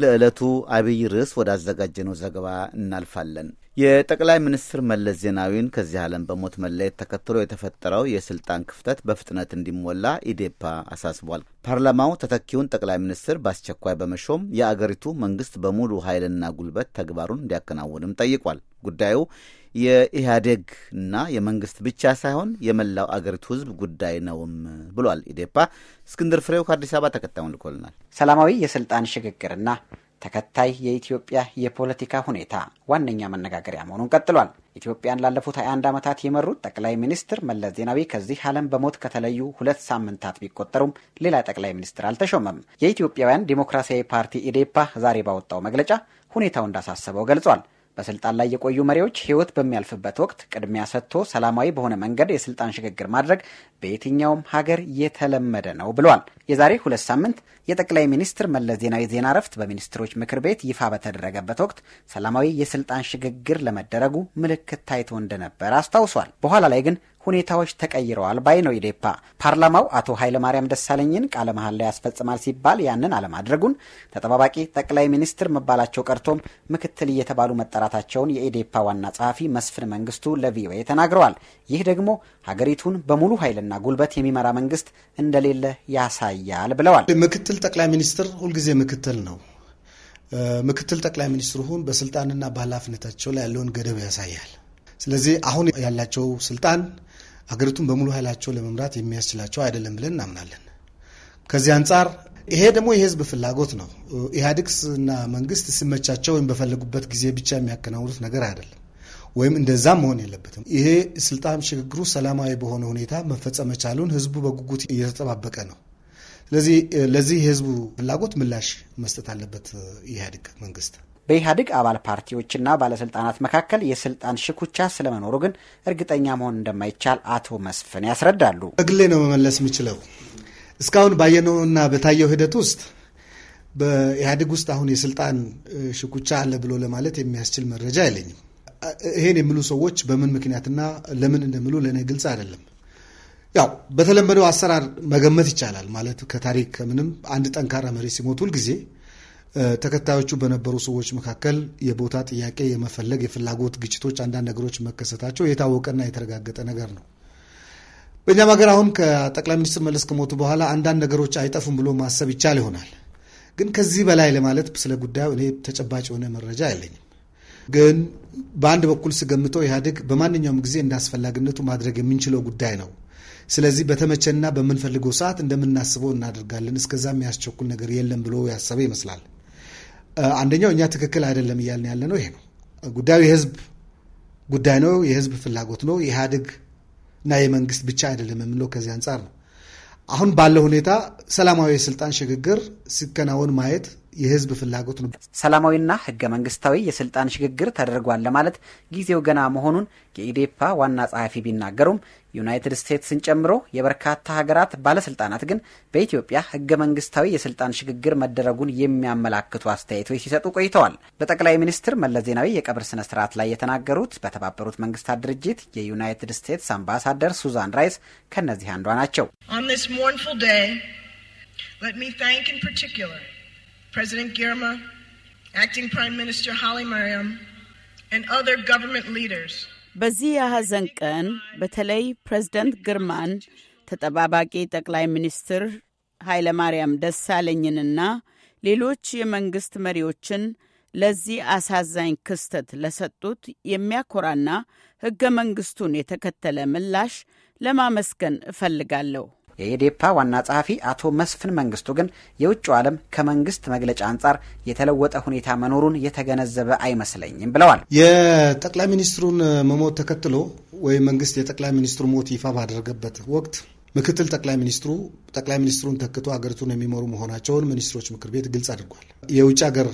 ለዕለቱ አብይ ርዕስ ወዳዘጋጀነው ዘገባ እናልፋለን። የጠቅላይ ሚኒስትር መለስ ዜናዊን ከዚህ ዓለም በሞት መለየት ተከትሎ የተፈጠረው የስልጣን ክፍተት በፍጥነት እንዲሞላ ኢዴፓ አሳስቧል። ፓርላማው ተተኪውን ጠቅላይ ሚኒስትር በአስቸኳይ በመሾም የአገሪቱ መንግስት በሙሉ ኃይልና ጉልበት ተግባሩን እንዲያከናውንም ጠይቋል። ጉዳዩ የኢህአዴግ እና የመንግስት ብቻ ሳይሆን የመላው አገሪቱ ህዝብ ጉዳይ ነውም ብሏል ኢዴፓ። እስክንድር ፍሬው ከአዲስ አበባ ተከታዩን ልኮልናል። ሰላማዊ የስልጣን ሽግግርና ተከታይ የኢትዮጵያ የፖለቲካ ሁኔታ ዋነኛ መነጋገሪያ መሆኑን ቀጥሏል። ኢትዮጵያን ላለፉት 21 ዓመታት የመሩት ጠቅላይ ሚኒስትር መለስ ዜናዊ ከዚህ ዓለም በሞት ከተለዩ ሁለት ሳምንታት ቢቆጠሩም ሌላ ጠቅላይ ሚኒስትር አልተሾመም። የኢትዮጵያውያን ዲሞክራሲያዊ ፓርቲ ኢዴፓ ዛሬ ባወጣው መግለጫ ሁኔታው እንዳሳሰበው ገልጿል። በስልጣን ላይ የቆዩ መሪዎች ህይወት በሚያልፍበት ወቅት ቅድሚያ ሰጥቶ ሰላማዊ በሆነ መንገድ የስልጣን ሽግግር ማድረግ በየትኛውም ሀገር የተለመደ ነው ብሏል። የዛሬ ሁለት ሳምንት የጠቅላይ ሚኒስትር መለስ ዜናዊ ዜና እረፍት በሚኒስትሮች ምክር ቤት ይፋ በተደረገበት ወቅት ሰላማዊ የስልጣን ሽግግር ለመደረጉ ምልክት ታይቶ እንደነበር አስታውሷል። በኋላ ላይ ግን ሁኔታዎች ተቀይረዋል ባይ ነው ኢዴፓ። ፓርላማው አቶ ኃይለማርያም ደሳለኝን ቃለ መሀል ላይ ያስፈጽማል ሲባል ያንን አለማድረጉን ተጠባባቂ ጠቅላይ ሚኒስትር መባላቸው ቀርቶም ምክትል እየተባሉ መጠራታቸውን የኢዴፓ ዋና ጸሐፊ መስፍን መንግስቱ ለቪኦኤ ተናግረዋል። ይህ ደግሞ ሀገሪቱን በሙሉ ኃይልና ጉልበት የሚመራ መንግስት እንደሌለ ያሳያል ብለዋል። ምክትል ጠቅላይ ሚኒስትር ሁልጊዜ ምክትል ነው። ምክትል ጠቅላይ ሚኒስትሩ ሁን በስልጣንና በኃላፊነታቸው ላይ ያለውን ገደብ ያሳያል። ስለዚህ አሁን ያላቸው ስልጣን አገሪቱን በሙሉ ኃይላቸው ለመምራት የሚያስችላቸው አይደለም ብለን እናምናለን። ከዚህ አንጻር ይሄ ደግሞ የህዝብ ፍላጎት ነው። ኢህአዴግስ እና መንግስት ሲመቻቸው ወይም በፈለጉበት ጊዜ ብቻ የሚያከናውኑት ነገር አይደለም፣ ወይም እንደዛም መሆን የለበትም። ይሄ ስልጣን ሽግግሩ ሰላማዊ በሆነ ሁኔታ መፈጸም መቻሉን ህዝቡ በጉጉት እየተጠባበቀ ነው። ስለዚህ ለዚህ የህዝቡ ፍላጎት ምላሽ መስጠት አለበት ኢህአዴግ መንግስት። በኢህአዴግ አባል ፓርቲዎችና ባለስልጣናት መካከል የስልጣን ሽኩቻ ስለመኖሩ ግን እርግጠኛ መሆን እንደማይቻል አቶ መስፍን ያስረዳሉ። እግሌ ነው መመለስ የምችለው። እስካሁን ባየነውና በታየው ሂደት ውስጥ በኢህአዴግ ውስጥ አሁን የስልጣን ሽኩቻ አለ ብሎ ለማለት የሚያስችል መረጃ የለኝም። ይሄን የሚሉ ሰዎች በምን ምክንያትና ለምን እንደሚሉ ለእኔ ግልጽ አይደለም። ያው በተለመደው አሰራር መገመት ይቻላል ማለት ከታሪክ ከምንም አንድ ጠንካራ መሪ ሲሞት ሁልጊዜ ተከታዮቹ በነበሩ ሰዎች መካከል የቦታ ጥያቄ የመፈለግ የፍላጎት ግጭቶች፣ አንዳንድ ነገሮች መከሰታቸው የታወቀና የተረጋገጠ ነገር ነው። በእኛም ሀገር አሁን ከጠቅላይ ሚኒስትር መለስ ከሞቱ በኋላ አንዳንድ ነገሮች አይጠፉም ብሎ ማሰብ ይቻል ይሆናል። ግን ከዚህ በላይ ለማለት ስለ ጉዳዩ እኔ ተጨባጭ የሆነ መረጃ የለኝም። ግን በአንድ በኩል ስገምተው ኢህአዴግ በማንኛውም ጊዜ እንደ አስፈላጊነቱ ማድረግ የምንችለው ጉዳይ ነው። ስለዚህ በተመቸና በምንፈልገው ሰዓት እንደምናስበው እናደርጋለን፣ እስከዛ የሚያስቸኩል ነገር የለም ብሎ ያሰበ ይመስላል። አንደኛው እኛ ትክክል አይደለም እያልን ያለ ነው ይሄ ነው። ጉዳዩ የህዝብ ጉዳይ ነው፣ የህዝብ ፍላጎት ነው። የኢህአዴግ እና የመንግስት ብቻ አይደለም የምንለው ከዚህ አንጻር ነው። አሁን ባለው ሁኔታ ሰላማዊ የስልጣን ሽግግር ሲከናወን ማየት የህዝብ ፍላጎት ነው። ሰላማዊና ህገ መንግስታዊ የስልጣን ሽግግር ተደርጓል ለማለት ጊዜው ገና መሆኑን የኢዴፓ ዋና ጸሐፊ ቢናገሩም ዩናይትድ ስቴትስን ጨምሮ የበርካታ ሀገራት ባለስልጣናት ግን በኢትዮጵያ ህገ መንግስታዊ የስልጣን ሽግግር መደረጉን የሚያመላክቱ አስተያየቶች ሲሰጡ ቆይተዋል። በጠቅላይ ሚኒስትር መለስ ዜናዊ የቀብር ስነ ስርዓት ላይ የተናገሩት በተባበሩት መንግስታት ድርጅት የዩናይትድ ስቴትስ አምባሳደር ሱዛን ራይስ ከእነዚህ አንዷ ናቸው። President Girma, Acting Prime Minister Holly Mariam, and other government leaders. በዚህ የሐዘን ቀን በተለይ ፕሬዝደንት ግርማን ተጠባባቂ ጠቅላይ ሚኒስትር ኃይለማርያም ደሳለኝንና ሌሎች የመንግስት መሪዎችን ለዚህ አሳዛኝ ክስተት ለሰጡት የሚያኮራና ሕገ መንግስቱን የተከተለ ምላሽ ለማመስገን እፈልጋለሁ። የኢዴፓ ዋና ጸሐፊ አቶ መስፍን መንግስቱ ግን የውጭው ዓለም ከመንግስት መግለጫ አንጻር የተለወጠ ሁኔታ መኖሩን የተገነዘበ አይመስለኝም ብለዋል። የጠቅላይ ሚኒስትሩን መሞት ተከትሎ ወይም መንግስት የጠቅላይ ሚኒስትሩ ሞት ይፋ ባደረገበት ወቅት ምክትል ጠቅላይ ሚኒስትሩ ጠቅላይ ሚኒስትሩን ተክቶ ሀገሪቱን የሚመሩ መሆናቸውን ሚኒስትሮች ምክር ቤት ግልጽ አድርጓል። የውጭ ሀገር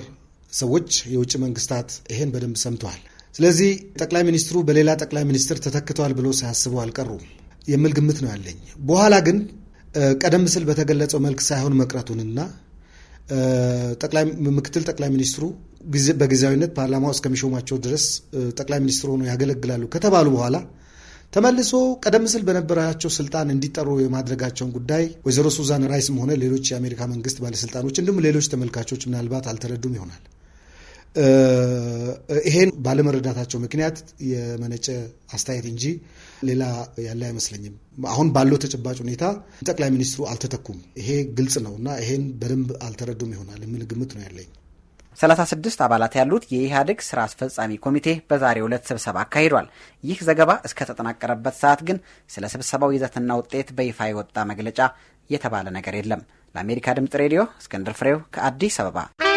ሰዎች የውጭ መንግስታት ይሄን በደንብ ሰምተዋል። ስለዚህ ጠቅላይ ሚኒስትሩ በሌላ ጠቅላይ ሚኒስትር ተተክተዋል ብሎ ሳያስበው አልቀሩም። የሚል ግምት ነው ያለኝ። በኋላ ግን ቀደም ሲል በተገለጸው መልክ ሳይሆን መቅረቱንና ምክትል ጠቅላይ ሚኒስትሩ በጊዜያዊነት ፓርላማው እስከሚሾማቸው ድረስ ጠቅላይ ሚኒስትር ሆነው ያገለግላሉ ከተባሉ በኋላ ተመልሶ ቀደም ሲል በነበራቸው ስልጣን እንዲጠሩ የማድረጋቸውን ጉዳይ ወይዘሮ ሱዛን ራይስም ሆነ ሌሎች የአሜሪካ መንግስት ባለስልጣኖች እንዲሁም ሌሎች ተመልካቾች ምናልባት አልተረዱም ይሆናል። ይሄን ባለመረዳታቸው ምክንያት የመነጨ አስተያየት እንጂ ሌላ ያለ አይመስለኝም። አሁን ባለው ተጨባጭ ሁኔታ ጠቅላይ ሚኒስትሩ አልተተኩም። ይሄ ግልጽ ነው እና ይሄን በደንብ አልተረዱም ይሆናል የሚል ግምት ነው ያለኝ። 36 አባላት ያሉት የኢህአዴግ ስራ አስፈጻሚ ኮሚቴ በዛሬ ዕለት ስብሰባ አካሂዷል። ይህ ዘገባ እስከተጠናቀረበት ሰዓት ግን ስለ ስብሰባው ይዘትና ውጤት በይፋ የወጣ መግለጫ የተባለ ነገር የለም። ለአሜሪካ ድምፅ ሬዲዮ እስክንድር ፍሬው ከአዲስ አበባ